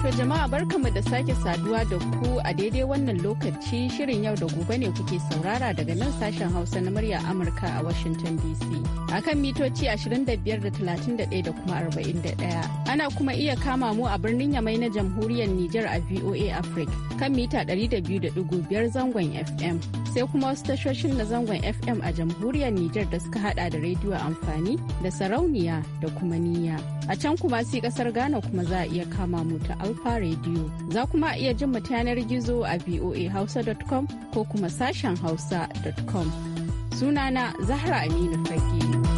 To jama'a barkamu da sake saduwa da ku a daidai wannan lokaci shirin yau da gobe ne kuke saurara daga nan sashen Hausa na murya Amurka a Washington DC. Akan mitoci 25.31 da da kuma 41. Ana kuma iya kama mu a birnin Yamai na Jamhuriyar Nijar a VOA Africa kan mita 200.5 zangon FM. Sai kuma wasu tashoshin na zangon FM a Jamhuriyar Nijar da suka hada da rediyo amfani da sarauniya da kuma niyya. A can kuma sai kasar Ghana kuma za a iya kama mu ta Alfa Radio. Za kuma iya jin mu yanar gizo a voahausa.com ko kuma sashen hausa.com. Sunana Zahra Aminu Fage.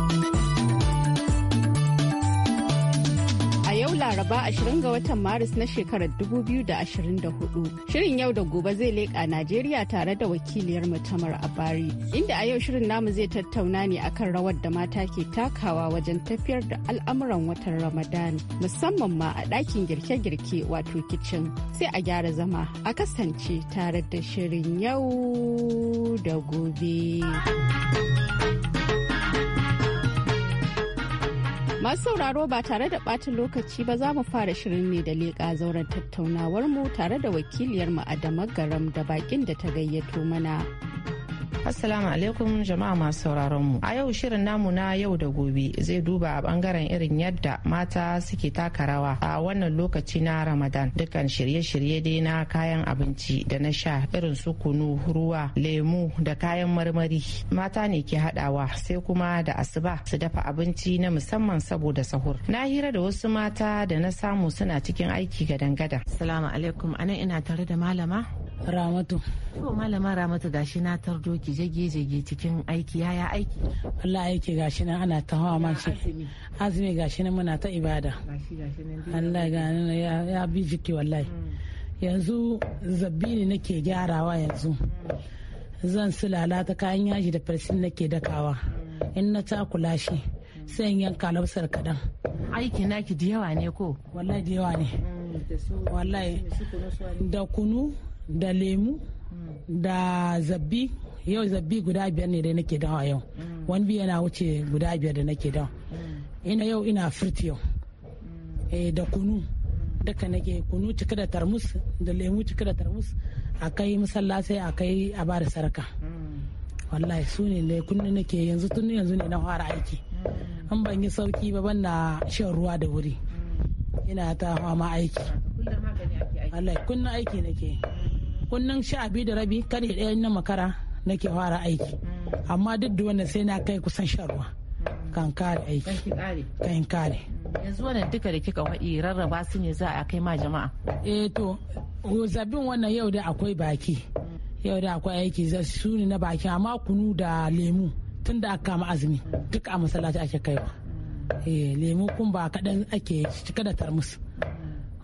yau Laraba 20 ga watan Maris na shekarar 2024. Shirin yau da gobe zai leƙa Najeriya tare da wakiliyar mutamar Abari, inda a yau shirin namu zai tattauna ne akan rawar da mata ke takawa wajen tafiyar da al'amuran watan Ramadan, musamman ma a ɗakin girke-girke wato kicin. Sai a gyara zama a kasance tare da shirin yau da gobe. Masu sauraro ba tare da ɓata lokaci ba za mu fara shirin ne da leƙa zauren tattaunawar mu tare da wakiliyar mu Adama Garam da bakin da ta gayyato mana. Assalamu alaikum jama'a masu sauraron mu. A yau shirin namu na yau da gobe zai duba a bangaren irin yadda mata suke taka rawa a wannan lokaci na Ramadan. Dukkan shirye-shirye dai na kayan abinci da na sha irin su kunu, ruwa, lemu da kayan marmari. Mata ne ke hadawa sai kuma da asuba su dafa abinci na musamman saboda sahur. Na hira da wasu mata da na samu suna cikin aiki gadan-gadan. Assalamu alaikum anan ina tare da malama Ramatu. To malama Ramatu gashi na tardo ki jage jage cikin aiki yaya aiki? Allah aiki gashi na ana ta hawa man shi. Azumi gashi na muna ta ibada. Allah gani ya bi jiki wallahi. Mm. Yanzu ne nake gyarawa yanzu. Zan su lalata kayan yaji da farsin nake dakawa. Mm. In na takula shi sai in yanka lausar kaɗan. Aiki naki da yawa ne ko? Wallahi da yawa ne. Mm, wallahi da kunu da lemu da zabbi yau zabbi guda biyar ne dai nake dawa yau wani biyu yana wuce guda biyar da nake dawa ina yau ina firti yau eh, da kunu duka nake kunu cika da tarmus da lemu cika da tarmus a kai sai a kai a bada sarka wallahi su ne ne kunu nake yanzu tun yanzu ne na fara aiki an ban yi sauki ba ban na shan ruwa da wuri ina ta fama aiki kunna aiki nake kunnan sha biyu da rabi kare ɗaya na makara nake fara aiki amma duk da wannan sai na kai kusan shan ruwa kan kare aiki kan kare yanzu wannan duka da kika waɗi rarraba su ne za a kai ma jama'a eh to zabin wannan yau da akwai baki yau da akwai aiki za su ne na baki amma kunu da lemu tun da aka kama azumi duk a masallaci ake kaiwa eh lemu kun ba kaɗan ake cika da tarmus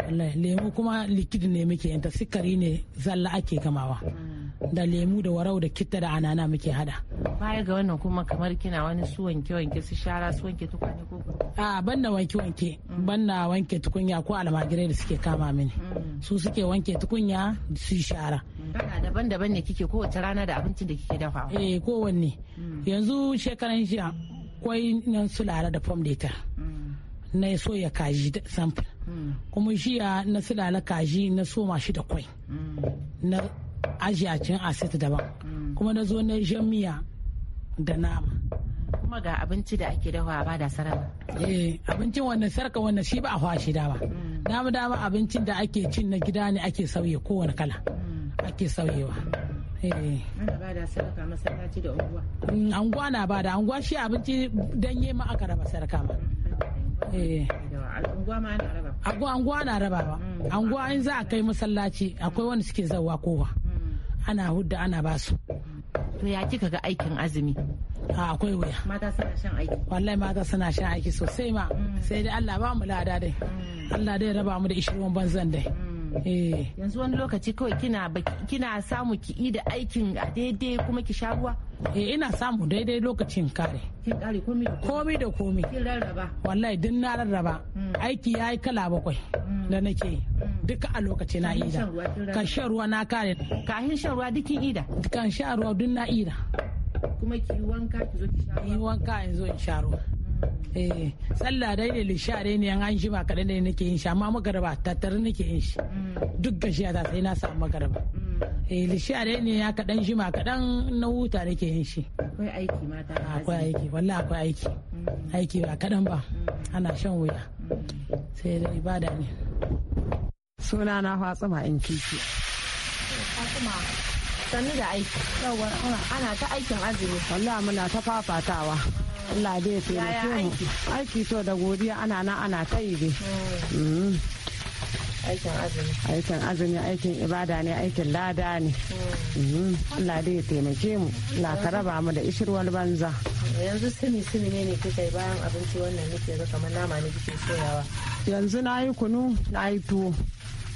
wallahi lemu kuma likid ne muke yanta sikari ne zalla ake gamawa mm. da lemu da warau da kitta da anana muke hada baya ga wannan kuma kamar kina wani su wanke wanke su shara su wanke tukwane ko a banna wanke wanke mm. banna wanke tukunya ko almajirai da suke kama mini mm. su suke wanke tukunya su shara daban-daban ne kike ko wata rana da abincin da kike dafa eh wanne yanzu shekaran jiya kwai nan su lara da fom da na so ya kaji samfur kuma jiya na silala kaji na soma shi da kwai mm. na ajiyacin asit daban mm. kuma na zo na jamiya da nama kuma ga abinci da ake dawa ba da sarara eh abincin wannan sarka wannan shi ba a fashi dawa mm. dama dama abincin da ake cin na gida ne ake sauye kowane kala ake sauyewa eh. ana ba da sarka masallaci da unguwa anguwa na ba da anguwa shi abinci danye ma aka raba sarka ma anguwa ma ana rabawa mm. anguwa raba ba in za a kai masallaci akwai wanda suke zawa kowa mm. ana hudda ana basu to ya kika ga aikin azumi a akwai wuya mata suna shan aiki wallahi mata suna shan aiki sosai ma mm. sai dai Allah ba mu lada dai Allah dai raba mu da ishirin banzan dai eh. yanzu wani lokaci kawai kina kina samu ki da aikin a daidai kuma ki sha ruwa eh ina samu daidai lokacin kare komi da komi wallahi duk na rarraba mm. aiki ya yi kala bakwai mm. da nake mm. duka a lokacin na ida kan shan ruwa na kare kahin shan ruwa dukin ida kan shan ruwa duk na ida kuma ki wanka ki zo ki sha ruwa wanka in zo in sha ruwa eh sallah dai da lishare ne an shi ba kaɗan ne nake yin sha amma magaraba tattare nake yin shi duk gashi ta sai na samu magaraba eh a dai ne ya kaɗan shi ma kaɗan na huta da ke yin shi akwai aiki mata akwai aiki walla akwai aiki aiki ba kaɗan ba ana shan wuya mm. sai da ibada ne suna na fatsuma in kiki fatsuma sannu da aiki yawa ana ta aikin azumi wallahi muna ta fafatawa Allah dai ya taimake mu aiki to da godiya ana na ana ta yi aikin azumi aikin ibada ne aikin lada ne mhm. Allah dai ya taimake mu na karaba mu da ishirwar banza yanzu sumi sumi ne ne kika yi bayan abinci wannan nake ga kamar nama ne kike soyawa yanzu na yi kunu na yi tuwo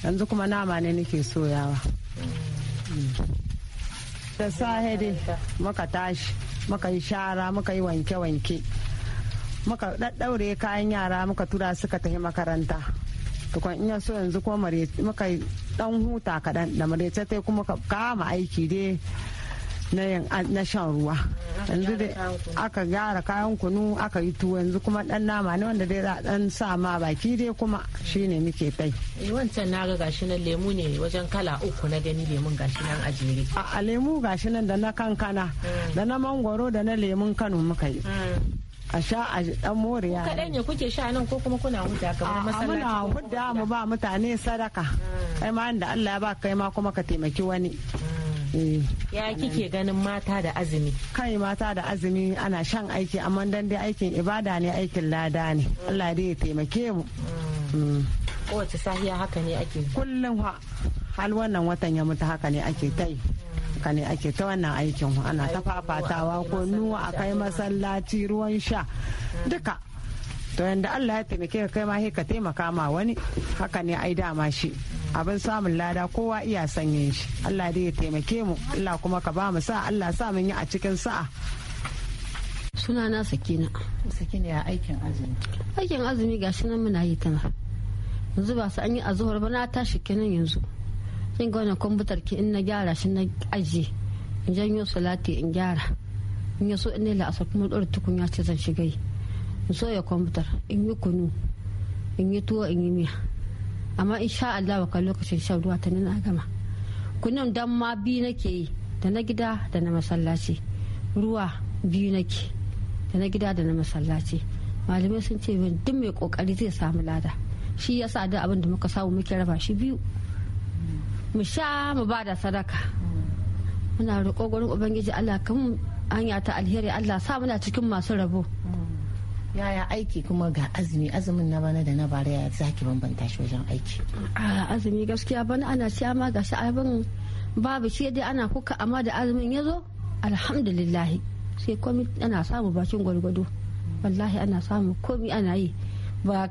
yanzu kuma nama ne nake soyawa mhm. da sahe dai muka tashi muka yi shara muka yi wanke-wanke muka ɗaɗɗaure kayan yara muka tura suka tafi makaranta tukun ina so yanzu kuma maka dan huta kaɗan da marece ta kuma kama aiki dai na yin na shan ruwa yanzu dai aka gyara kayan kunu aka yi tuwo yanzu kuma dan nama ne wanda dai za dan sa ma baki dai kuma shine muke kai eh, wancan na ga gashi nan lemu ne wajen kala uku na gani lemun gashi nan a jere a lemu gashi nan da na kankana mm. da na mangoro da na lemun Kano muka yi mm. a sha a dan more ya kadan ne kuke sha nan ko kuma kuna huta kamar masallaci muna huta mu ba mutane sadaka hmm. kai ma inda Allah ya ba kai ma kuma ka taimaki wani hmm. eh. ya kike ganin mata da azumi kai mata da azumi ana shan aiki amma dan dai aikin ibada ne aikin lada ne hmm. Allah dai ya taimake mu kowace sahiya haka ne ake kullum hal wannan watan ya mutu haka ne ake ta yi haka ne ake ta wannan aikin ana ta fafatawa ko nuwa a kai masallaci ruwan sha duka to yanda Allah ya taimake ka kai ma sai ka taimaka ma wani haka ne ai dama shi abin samun lada kowa iya sanyin shi Allah dai ya taimake mu Allah kuma ka ba mu sa Allah sa mun yi a cikin sa'a suna na sakina sakina ya aikin azumi aikin azumi gashi nan muna yi tana yanzu ba su an yi azuhar ba na tashi kenan yanzu zan ga wannan kwamfutar ki in na gyara shi na ajiye in janyo salati in gyara in yaso in ne la'asar kuma ɗora tukunya ce zan shiga yi in so ya kwamfutar in yi kunu in yi tuwo in yi miya amma in sha Allah lokacin shan ruwa ta nuna gama kunun dan ma biyu nake yi da na gida da na masallaci ruwa biyu nake da na gida da na masallaci malamai sun ce duk mai kokari zai samu lada shi yasa da abin da muka samu muke raba shi biyu mu sha mu ba da sadaka muna roƙo gurin ubangiji allah kan hanya ta alheri allah sa muna cikin masu rabo yaya aiki kuma ga azumi azumin na bana da na bara ya zaki bambanta shi wajen aiki azumi gaskiya bana ana sha ma ga shi abin babu shi dai ana kuka amma da azumin ya zo alhamdulillahi sai komi ana samu bakin gwargwado wallahi ana samu komi ana yi ba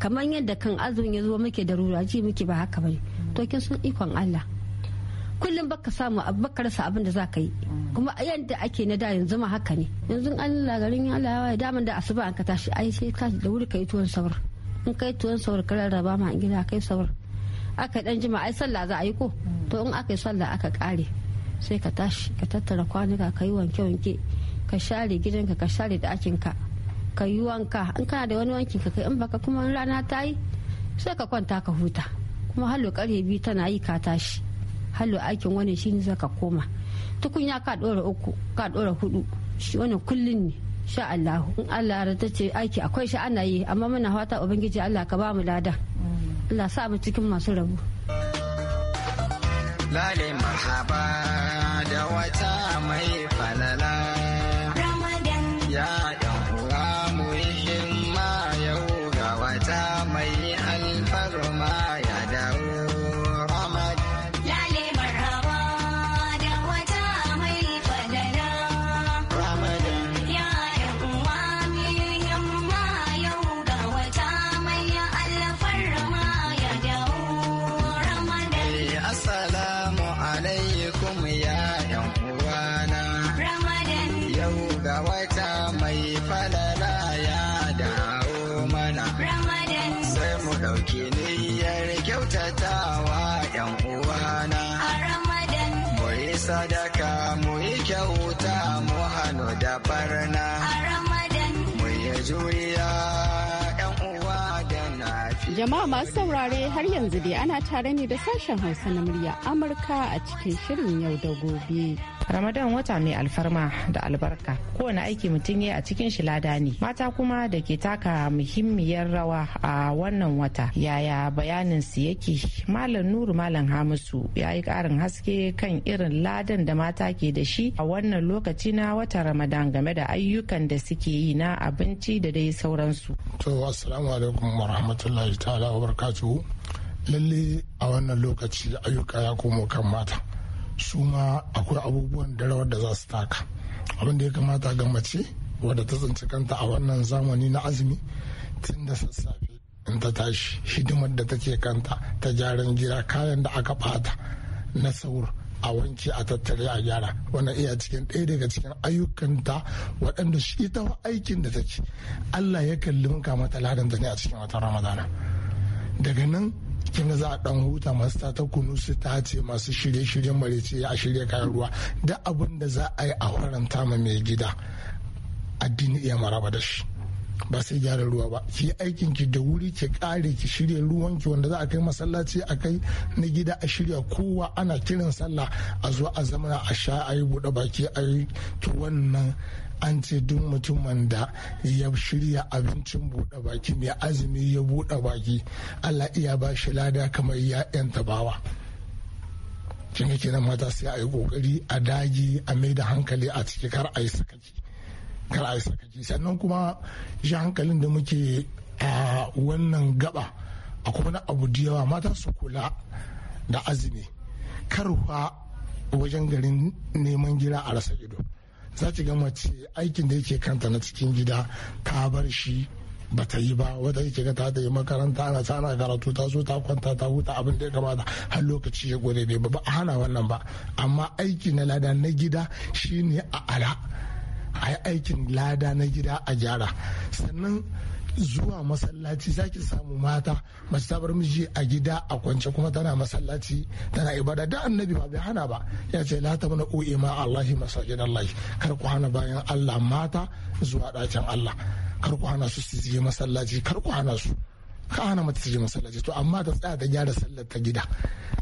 kamar yadda kan azumin ya zo muke da ruraji muke ba haka bane to sun ikon Allah kullum baka samu baka rasa abin da zaka yi kuma yadda ake na da yanzu ma haka ne yanzu Allah garin Allah ya daman da asuba an ka tashi ai sai ka da wuri kai tuwon sabar in kai tuwon sabar ka rarraba ma gida kai sabar aka dan jima ai sallah za a yi ko to in aka yi sallah aka kare sai ka tashi ka tattara kwanuka ka yi wanke wanke ka share gidanka ka share ɗakinka ka yi wanka in kana da wani wankin ka kai in baka kuma rana ta yi sai ka kwanta ka huta kuma hallo karfe biyu tana yi ka tashi hallo aikin wani shi ne zaka koma tukunya ka dora uku ka dora hudu shi wani kullun ne sha Allah in Allah ta ce aiki akwai shi ana yi amma muna fata ubangiji Allah ka ba mu lada Allah sa mu cikin masu rabu lale marhaba da wata mai Jama'a masu saurare har yanzu dai ana tare ne da sashen Hausa na murya Amurka a cikin shirin yau da gobe. Ramadan wata mai alfarma da albarka. Kowane aiki mutum ya a cikin shi lada ne. Mata kuma da ke taka muhimmiyar rawa a wannan wata. Yaya bayanin su yake? Malam Nuru Malam Hamisu ya yi ƙarin haske kan irin ladan da mata ke da shi a wannan lokaci na watan Ramadan game da ayyukan da suke yi na abinci da dai sauransu. To assalamu alaikum wa rahmatullahi ta'ala wa barakatuhu. Lalle a wannan lokaci ayyuka ya komo kan mata. su ma akwai abubuwan da rawar da za su taka abin da ya kamata ga mace wadda ta tsinci kanta a wannan zamani na azumi tun da sassafe in ta tashi hidimar da take kanta ta jarin jira kayan da aka bata na saur a wanke a tattare a gyara wannan iya cikin ɗaya daga cikin ayyukanta waɗanda shi ita aikin da take Allah ya kalli muka mata ta ne a cikin watan ramadana daga nan kin za a dan huta masu ta kunu su ce masu shirye-shiryen marece a shirye kayan ruwa da abin da za a yi a faranta ma mai gida addini iya maraba da shi ba sai gyara ruwa ba ki yi aikin ki da wuri ki kare ki shirya ruwan ki wanda za a kai masallaci a kai na gida a shirya kowa ana kiran sallah a zo a zama a sha a yi buɗe baki a yi to wannan an ce duk mutumin da ya shirya abincin buɗe baki mai azumi ya buɗe baki allah iya ba shi lada kamar ya yan bawa kin ga kenan mata sai a yi kokari a dagi a mai da hankali a ciki kar a yi sakaci kar a yi sakaci sannan kuma shi hankalin da muke a wannan gaba a kuma na abu da yawa mata su kula da azumi kar wajen garin neman gira a rasa ido za ta ga mace aikin da yake kanta na cikin gida ta bar shi ba ta yi ba wata yake ga ta yi makaranta ana sana karatu ta so ta kwanta ta huta abin da ya kamata har lokaci ya gode ne ba a hana wannan ba amma aiki na lada na gida shine a ala a yi aikin lada na gida a gyara sannan zuwa masallaci zaki samu mata mace ta bar miji a gida a kwance kuma tana masallaci tana ibada da annabi ba bai hana ba ya ce la ta mana o'e ma allahi masajin allahi kar ku hana bayan allah mata zuwa ɗakin allah kar ku hana su su je masallaci kar ku hana su ka hana mata ta je masallaci to amma ta tsaya ta gyara sallar ta gida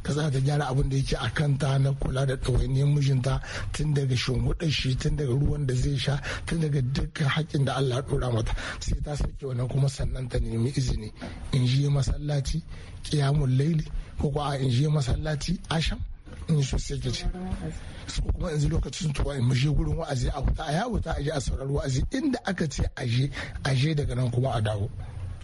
ta tsaya ta gyara abin da yake a ta na kula da ɗawainiyar mijinta tun daga shimfiɗar shi tun daga ruwan da zai sha tun daga dukkan haƙƙin da Allah ɗora mata sai ta sake wannan kuma sannan ta nemi izini in je masallaci ƙiyamun laili ko kuwa a in je masallaci asham in so sai ke ce su kuma yanzu lokacin tuwa in muje gurin wa'azi a wuta a yawo ta aje a saurari wa'azi inda aka ce aje aje daga nan kuma a dawo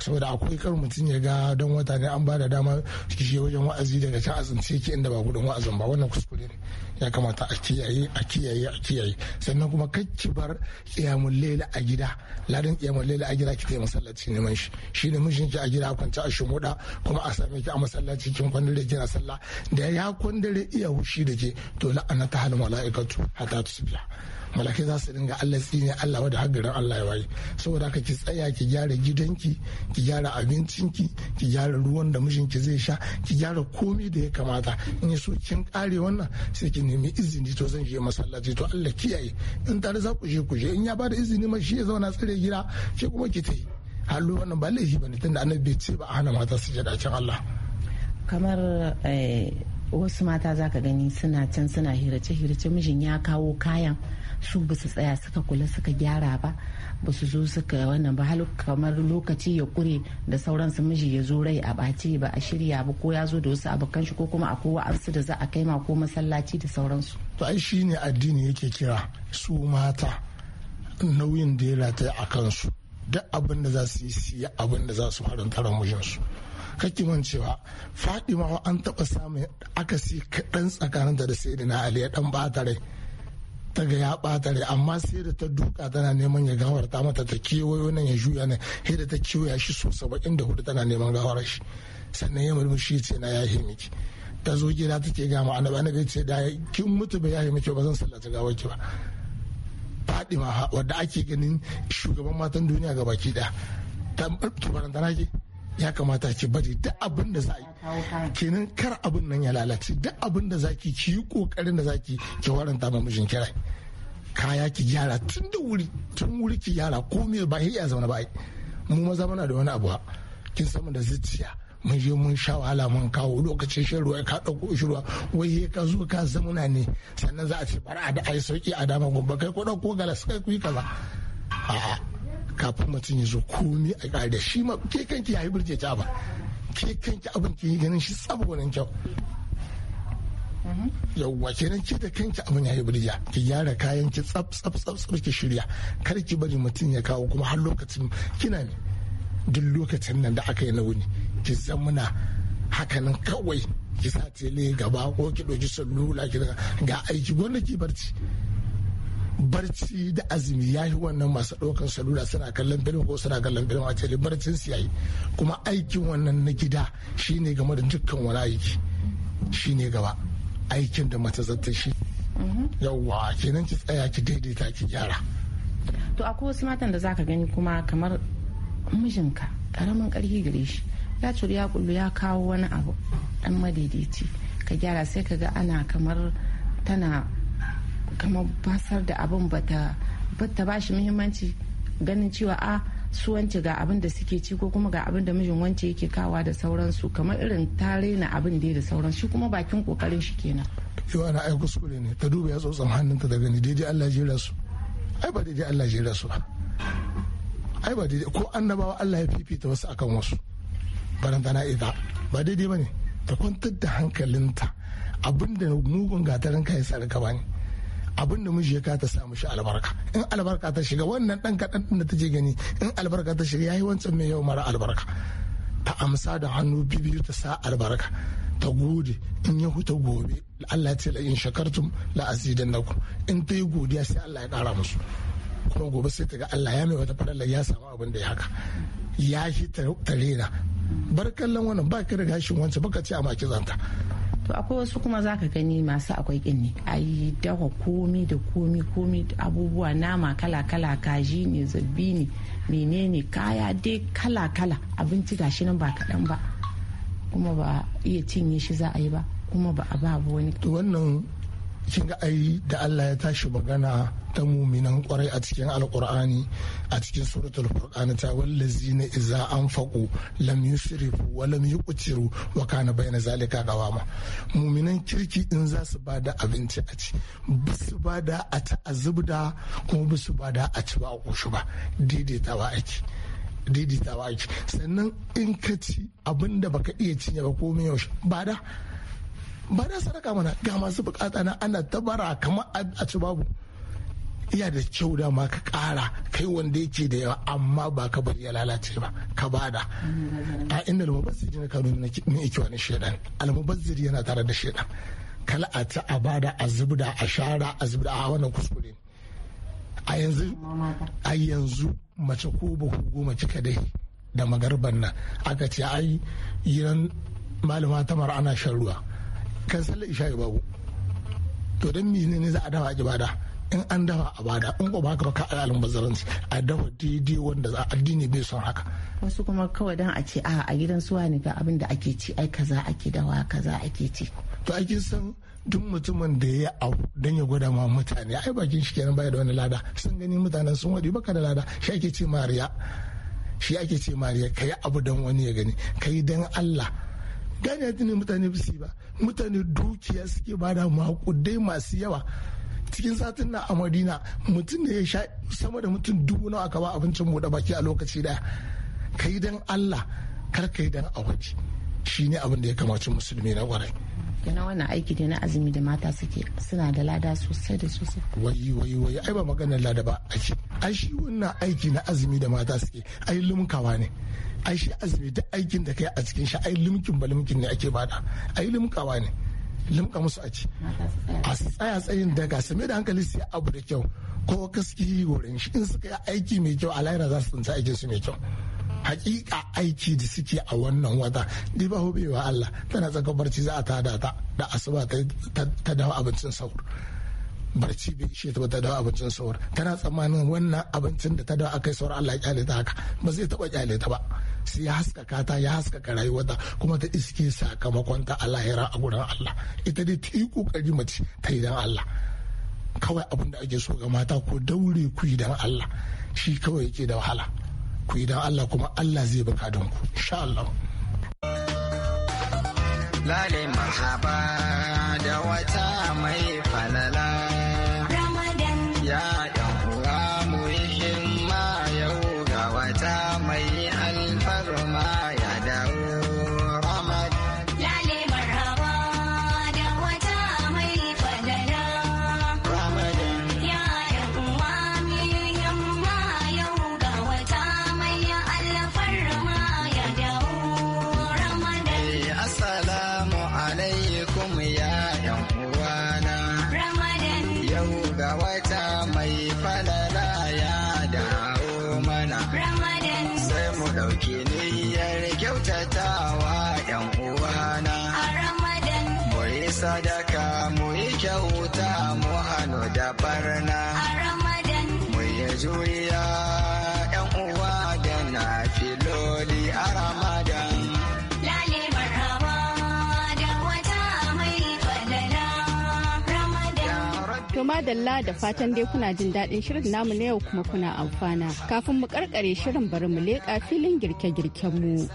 saboda akwai kar mutum ya ga don wata ne an ba da dama shi wajen wa'azi daga can a tsince ki inda ba gudun wa'azin ba wannan kuskure ne ya kamata a kiyaye a kiyaye a kiyaye sannan kuma ki bar kiyamun lela a gida ladin kiyamun lela a gida ki a masallaci neman shi shi ne mijin ki a gida a kwance a shimuda kuma a same ki a masallaci kin kwandare kina sallah da ya kwandare iya hushi da ke to la'ana ta halin mala'ikatu hatta tusbiya malakai za su dinga Allah tsine Allah wadda hagarin Allah ya waye saboda haka ki tsaya ki gyara gidanki ki gyara abincinki ki gyara ruwan da mijinki zai sha ki gyara komai da ya kamata in so kin kare wannan sai ki nemi izini to zan je masallaci to Allah kiyaye in tare za ku je ku je in ya bada izini ma shi ya zauna tsare gida ke kuma ki ta yi hallo wannan ba laifi bane tunda annabi bai ce ba a hana mata su je dakin Allah kamar eh, wasu mata zaka gani suna can suna hirace hirace mijin ya kawo kayan su ba su tsaya suka kula suka gyara ba ba su zo suka wannan ba hal kamar lokaci ya kure da sauran su miji ya zo rai a ɓace ba a shirya ba ko ya zo da wasu abokan shi ko kuma a kowa su da za a kai ma ko masallaci da sauransu. to ai shi ne addini yake kira su mata nauyin da ya rata a kansu duk abin da za su yi su yi abin da za su faranta ran mijinsu kakiman cewa fadima an taɓa samun akasi kaɗan tsakaninta da sai na ali ya ɗan ta rai ta ga ya bata rai amma sai da ta duka tana neman ya gawarta mata ta kewayo nan ya juya nan sai da ta kewaya shi so saba'in da hudu tana neman gawar shi sannan ya shi ce na ya yi miki ta zo gida take ga ma annabi annabi ce da kin mutu bai yi miki ba zan sallata gawar ki ba Fadima wadda ake ganin shugaban matan duniya ga baki da ta barantana ke ya kamata ki bari duk abin da za kenan kar abin nan ya lalace duk abin da za ki yi kokarin da za ki waranta ma mijin kira kaya ki gyara tun da wuri tun wuri ki gyara komai ba ya zauna ba mu maza muna da wani abu kin samu da zuciya mun je mun sha wahala mun kawo lokacin shan ruwa ka dauko shi ruwa wai ka zo ka zamuna ne sannan za a ce bara a da ai sauki a dama gobe kai ko dauko galas kai ku yi kaza a'a kafin mutum ya zo komi a ƙare da shi ma ke kanki ya yi burge ta ba ke kanki abin ki ganin shi tsaba wani kyau yawwa kenan ke da kanki abin ya yi birya ki gyara kayan ki tsab tsab tsab tsab ki shirya kar ki bari mutum ya kawo kuma har lokacin kina ne duk lokacin nan da aka yi na wuni ki zamuna hakanan kawai ki sa tele gaba ko ki ɗauki salula ki ga aiki gwanda ki barci barci da azumi ya yi wannan masu ɗaukar salula suna kallon film ko suna kallon film a tele barcin su yayi kuma aikin wannan na gida shine game da dukkan wani aiki shine gaba aikin da mata zata shi yawwa kenan ki tsaya ki daidaita ki gyara to akwai wasu matan da zaka gani kuma kamar mijinka karamin karfi gare shi ya curi ya kullu ya kawo wani abu dan madaidaici ka gyara sai ka ga ana kamar tana kamar basar da abin bata bata ba shi muhimmanci ganin cewa a su wance ga abin da suke ci ko kuma ga abin da mijin wance yake kawa da sauransu kamar irin tare na abin da da sauran shi kuma bakin kokarin shi kenan yau ana ai kuskure ne ta duba ya tsotsan hannunta daga ni daidai Allah jira su ai ba daidai Allah jira su ba ai ba daidai ko annabawa Allah ya fifita wasu akan wasu barantana ita ba daidai bane ta kwantar da hankalinta abinda mugun gatarin ka sarka ba ne abin da miji ya ka ta sa shi albarka in albarka ta shiga wannan dan kaɗan da ta je gani in albarka ta shiga yayi wancan mai yau mara albarka ta amsa da hannu bibiyu ta sa albarka ta gode in ya huta gobe Allah ya ce la in shakartum la azidannakum in ta yi godiya sai Allah ya kara musu kuma gobe sai ta ga Allah ya mai wata ya samu abin da ya haka ya shi ta rena bar kallon wannan ba ka da gashin wancan baka ce a maki zanta to akwai wasu kuma za zaka gani masu akwai kin ne ai dawa komi da komi komi abubuwa nama kala kala kaji ne zabbi ne menene kaya dai kala kala abinci gashi nan ba kaɗan ba kuma ba iya cinye shi za a yi ba kuma ba a ba wani wannan kin ga ai da Allah ya tashi magana ta muminan kwarai a cikin alkur'ani a cikin suratul furqan ta wallazina idza anfaqu lam yusrifu wa lam yuqtiru wa kana bayna zalika gawama muminan kirki in za su bada abinci a ci ba su bada a ta'azzubda kuma ba su bada a ci ba a koshi ba daidaitawa ake daidaitawa ake sannan in ka ci abinda baka iya cinye ba komai yaushe ba da ba da sadaka mana ga masu bukata na ana tabara kamar a ci babu iya da kyau da ma ka kara kai wanda yake da yawa amma ba ka bari ya lalace ba ka bada a inda almubazzir ne kanu min ikiwa ne shedan almubazzir yana tare da shedan kala a ta a bada a zubda a shara a zubda a wannan kuskure a yanzu a yanzu mace ko ba ku goma cika dai da magarban nan aka ce ai gidan malama tamar ana shan ruwa kan sallar isha'i babu to don mi ne za a dawa ibada in an dafa a bada in ko ba ka ka al'alin bazaranci a dawa daidai wanda za addini bai son haka wasu kuma kawai dan a ce a a gidan suwa ne ga abin da ake ci ai kaza ake dawa kaza ake ci to ake san duk mutumin da ya abu don ya gwada ma mutane ai bakin shi kenan baya da wani lada sun gani mutanen sun wadi baka da lada shi ake ce mariya shi ake ce mariya kai abu don wani ya gani kai don Allah gane ne mutane bisi ba mutane dukiya suke ba da makudai masu yawa cikin satin na a madina mutum ne ya sha sama da mutum dubu nawa aka ba abincin buɗe baki a lokaci daya yi dan allah kar ka yi dan a waje shi ne abin da ya kamaci musulmi na kwarai na wannan aiki da na azumi da mata suke suna da lada sosai da sosai wai wai wai ai ba maganar lada ba ake ai shi wannan aiki na azumi da mata suke ai lumkawa ne ai shi azumi duk aikin da kai a cikin shi ai limkin ba limkin ne ake bada ai limkawa ne limka musu a ci a tsaya tsayin daga su mai da hankali yi abu da kyau ko kaski wurin shi in suka yi aiki mai kyau a lahira za su tsinta aikin su mai kyau hakika aiki da suke a wannan wata ni ba wa Allah tana tsaka barci za a tada ta da asuba ta dawo abincin sahur barci bai ishe ta ta dawo abincin sahur tana tsammanin wannan abincin da ta dawo akai sahur Allah ya kyale ta haka ba zai taba kyale ta ba sai ya haskaka ta ya haskaka rayuwarta kuma ta iske sakamakon ta Allah ya a gurin Allah ita dai ta yi kokari mace ta yi dan Allah kawai abin da ake so ga mata ko daure ku yi dan Allah shi kawai yake da wahala ku yi dan Allah kuma Allah zai baka don ku insha Allah lale mahaba da wata mai falala ramadan ya dalla da fatan dai kuna jin daɗin shirin namu na yau kuma kuna amfana. Kafin mu karkare shirin bari mu leƙa filin girke-girken mu.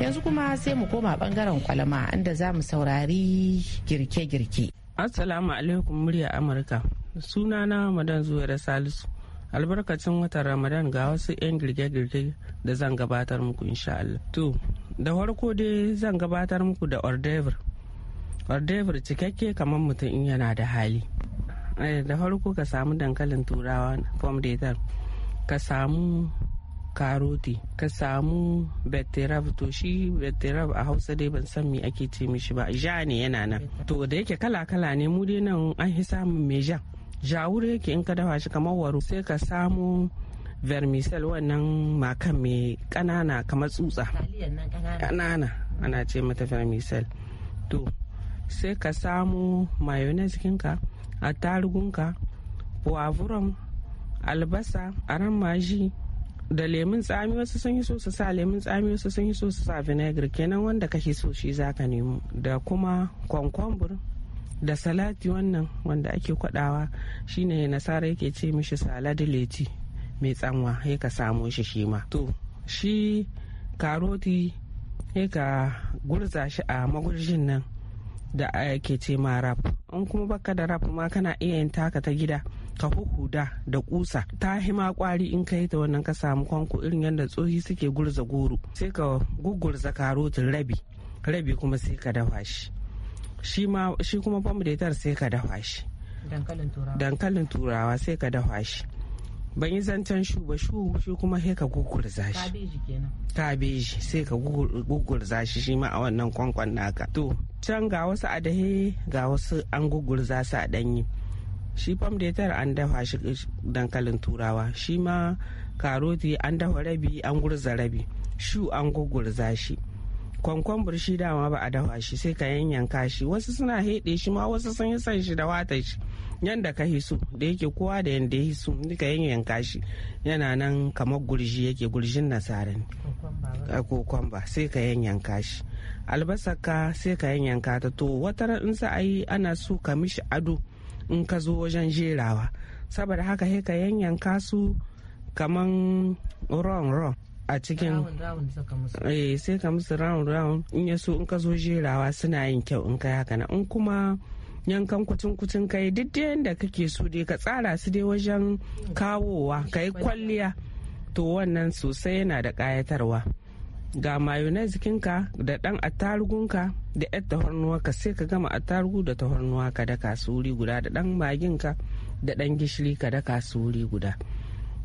Yanzu kuma sai mu koma bangaren kwalama inda za mu saurari girke-girke. Assalamu alaikum murya Amurka. Sunana Madan da Salisu. albarkacin watan ramadan ga wasu 'yan girke-girke da zan gabatar muku insha Allah. to da farko dai zan gabatar muku da ordever ordebur cikakke kamar mutum in yana da hali eh, da farko ka samu dankalin turawa form ka samu karoti ka samu betterab to shi betterab a hausa dai ban san me ake ce mishi ba ja ne yana nan to da yake kala kala ne mu dai nan an fi samun mai ja jawur yake in ka dafa shi kamar waro sai ka samu vermicel wannan makan mai kanana kamar tsutsa kanana ana ce mata vermicel to sai ka samu mayonnaise kinka a tarugunka puwavuron albasa aran maji da lemun tsami wasu sun yi so su sa lemun tsami wasu sun yi so su sa vinegar kenan wanda kake so shi zaka nemo da kuma kwankwambur da salati wannan wanda ake kwadawa shine nasara yake ce mishi salad leti mai tsanwa sai ka samo shi shi ma to shi karoti sai ka gurza shi a magurjin nan da ake ce ma rap in kuma baka da rap ma kana iya yin taka ta gida ka huhuda da kusa ta hima kwari in ka yi ta wannan ka samu kwanko irin yadda tsohi suke gurza goro sai ka gugurza karotin rabi rabi kuma sai ka dafa shi shi kuma pomidator sai ka dafa shi dankalin turawa sai ka dafa shi ban yi zancen shu ba shu shi kuma sai ka gugurza shi kabeji sai ka gugurza shi shi ma a wannan kwankwan naka to can ga wasu adahe ga wasu an gugurza su a danyi shi fam da an dafa shi dankalin turawa shi ma karoti an dafa rabi an gurza rabi shu an gugurza shi kwankwan shi dama ba a dafa shi sai ka yanyanka shi wasu suna heɗe shi ma wasu sun yi san shi da wata shi yanda ka hisu da yake kowa da yanda ya hisu ka yanyanka shi yana nan kamar gurji yake gurjin nasara ne sai ka yanyanka shi albasarka sai ka yanyanka ta to wata in sa a yi ana so ka mishi ado in ka zo wajen jerawa saboda haka sai ka yanyanka su kaman ron ron a cikin eh, sai ka musu round round in ya so in ka zo jerawa suna yin kyau in ka haka in kuma yankan kucin kucin ka yi duk da yadda kake so dai ka tsara su dai wajen kawowa ka yi kwalliya to wannan sosai yana da kayatarwa. ga mayonnaise kinka da dan attarugunka da yar tahornuwarka sai ka gama attarugu da tahornuwa ka daka su wuri guda da dan maginka da dan gishiri ka daka su wuri guda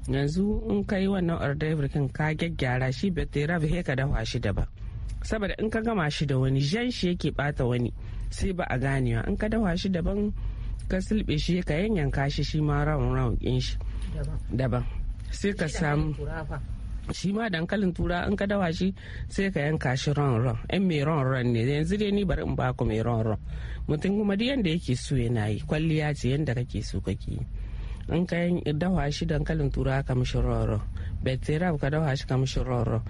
yanzu in ka yi wannan ordever kin ka gyaggyara shi beterave he ka dafa shi daban saboda in ka gama shi da wani jan shi yake bata wani sai ba a ganewa in ka dafa shi daban ka silbe shi ka yanyanka shi shi ma raun raun kin shi daban sai ka samu shi ma dankalin tura in ka dawa shi sai ka yanka shi ron ron yan mai ron ron ne yanzu dai ni bari in ba ku mai ron ron mutum kuma duk yanda yake so yana yi kwalliya ce yanda kake so kake yi in ka dawa shi dankalin tura ka mishi ron ron beterab ka dawa shi ka mishi ron ron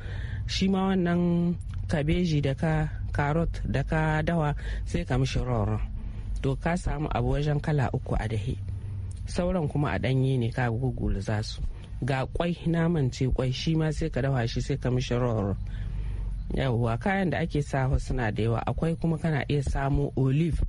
shi ma wannan kabeji da ka karot da ka dawa sai ka mishi ron ron to ka samu abu wajen kala uku a dahe sauran kuma a ɗanye ne ka gugula za su ga kwai naman ce kwai shi ma sai ka dawa shi sai ka mishi rawar yawwa kayan da ake sawa suna da yawa akwai kuma kana iya samu olive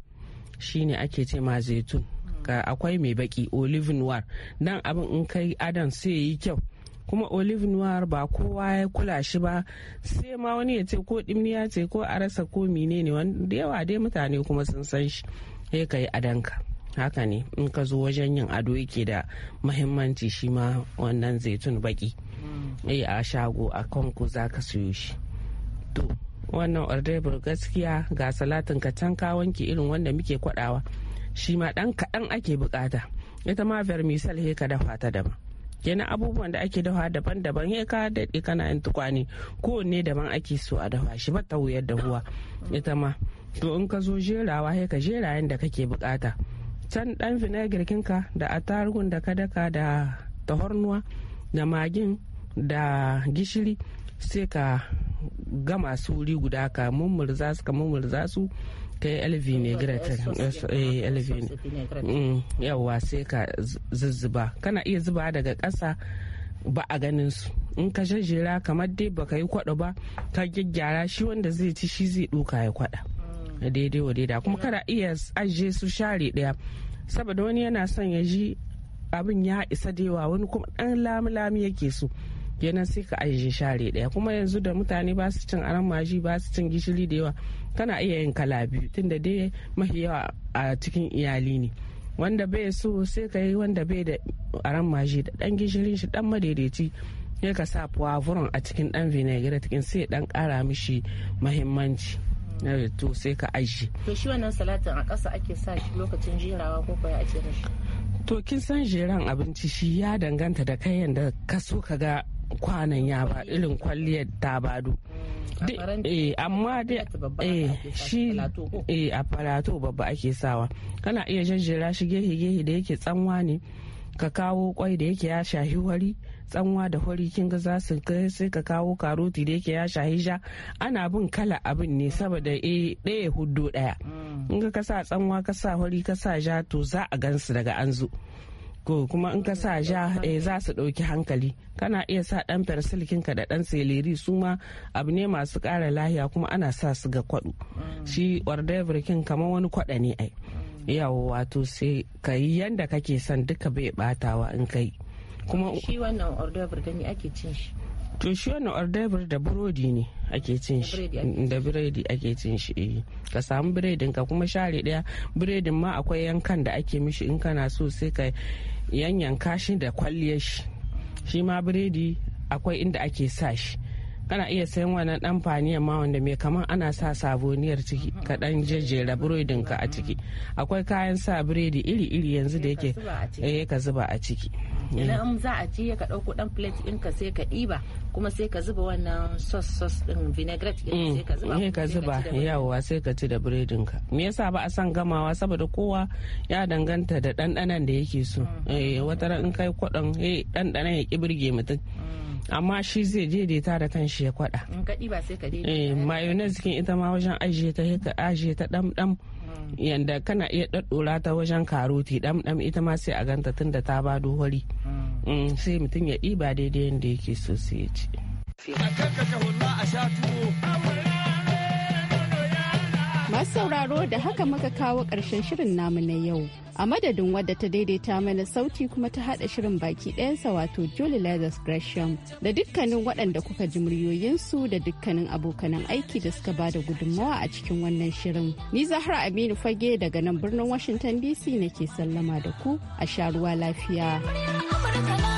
shine ake ce ma zaitun akwai mai baki olive noir dan abin in kai adam sai yi kyau kuma olive noir ba kowa ya kula shi ba sai ma wani ya ce ko dimniya ce ko a rasa ko mine ne wanda yawa dai mutane kuma sun san shi sai ka yi adanka haka ne in ka zo wajen yin ado yake da mahimmanci shi ma wannan zaitun baki mm. eh a shago a kanku za ka siyo shi to wannan ordebur gaskiya ga salatin ka can ka irin wanda muke kwadawa shi ma dan kaɗan ake bukata ita ma vermicell he ka dafa ta daban kenan abubuwan da ake dafa daban-daban he ka daɗe kana yin tukwane kowanne daban ake so a dafa shi ba ta wuyar dahuwa mm. ita ma to in ka zo jerawa he ka jera yadda kake bukata can dan vinegar kinka da attarugun da ka daka da tahornuwa da magin da gishiri sai ka gama su wuri guda ka mummurza su ka mummurza su ka yi elvi ne yawwa sai ka zuzzuba kana iya zuba daga ƙasa ba a ganin su in ka shajjera kamar dai baka yi kwada ba ka gyaggyara shi wanda zai ci shi zai duka ya kwada na daidai wa daida kuma kana iya ajiye su share daya saboda wani yana son ya ji abin ya isa da yawa wani kuma dan lamulami yake so kenan sai ka ajiye share daya kuma yanzu da mutane ba su cin aran maji ba su cin gishiri da yawa kana iya yin kala biyu tunda dai mafi yawa a cikin iyali ne wanda bai so sai ka yi wanda bai da aran maji da dan gishirin shi dan madaidaici ya ka sa puwavuron a cikin dan vinegar cikin sai dan kara mishi mahimmanci to sai ka aji. to shi wannan salatin a ƙasa ake sa shi lokacin jerawa ko kwaya ake shi. to kin san jeran abinci shi ya danganta da kai yanda ka so ka ga kwanan ya ba irin kwalliyar ta bado eh, amma dai eh, shi eh, a falato babba ake sawa kana iya jejjera shi gehe-gehe da yake tsanwa ne ka kawo kwai da yake ya shahi wari tsanwa da hori kin ga za su sai ka kawo karoti da yake ya shahi ja ana bin kala abin ne saboda eh ɗaya hudu ɗaya mm. in ka sa tsanwa ka sa hori ka sa ja to za a gansu daga an zo ko kuma in ka sa ja eh, za su ɗauki hankali kana iya sa ɗan persilkin ka da ɗan seleri su ma abu ne masu ƙara lahiya kuma ana sa su ga kwaɗo mm. shi ordevir kin kamar wani kwaɗa ne ai mm. yawo wato sai ka yi yanda kake son duka bai batawa in kai kuma shi wannan ordever da ne ake cin shi to shi wannan da burodi ne ake cin shi da biredi ake cin shi eh. ka samu biredin ka kuma share daya biredin ma akwai yankan da ake mishi in kana so sai ka yanyanka shi da kwalliyar shi shi ma biredi akwai inda ake sa shi kana iya sayan wannan dan faniyar ma wanda mai kaman ana sa saboniyar ciki ka dan jejjera burodin ka a ciki akwai kayan sa biredi iri-iri yanzu da yake ka zuba a ciki eh, ina in eh. za a ci ka ɗauko ɗan plate ɗin ka sai ka ɗiba kuma sai ka zuba wannan sauce sauce ɗin vinaigrette ɗin mm. sai ka zuba eh, sai ka zuba yawa sai ka ci da biredin ka me yasa ba a san gamawa saboda kowa ya danganta da ɗanɗanan da yake so mm. eh wata ran in kai kwaɗon eh, ɗanɗanan ya ƙi birge mutum mm. amma shi zai je da ta da kan shi ya kwada. In ka ba sai ka daidaita. Eh, mayonnaise kin ita ma wajen ajiye ta ajiye ta ɗam ɗam. yanda kana iya daddora ta wajen karoti dam dam ita ma sai a ganta tun da ta bado dohori hmm. mm, sai mutum ya ɗiba daidai yanda yake so sai ya ce A kanka Masu sauraro da haka muka kawo ƙarshen shirin namu na yau. A madadin wadda ta daidaita mana sauti kuma ta haɗa shirin baki ɗayansa wato Julie Leathers Gresham da dukkanin waɗanda kuka ji muryoyinsu da dukkanin abokanan aiki da suka bada gudunmawa a cikin wannan shirin. Ni Zahra Aminu Fage daga nan birnin Washington DC nake sallama da ku a sha ruwa lafiya.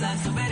I'm so bad.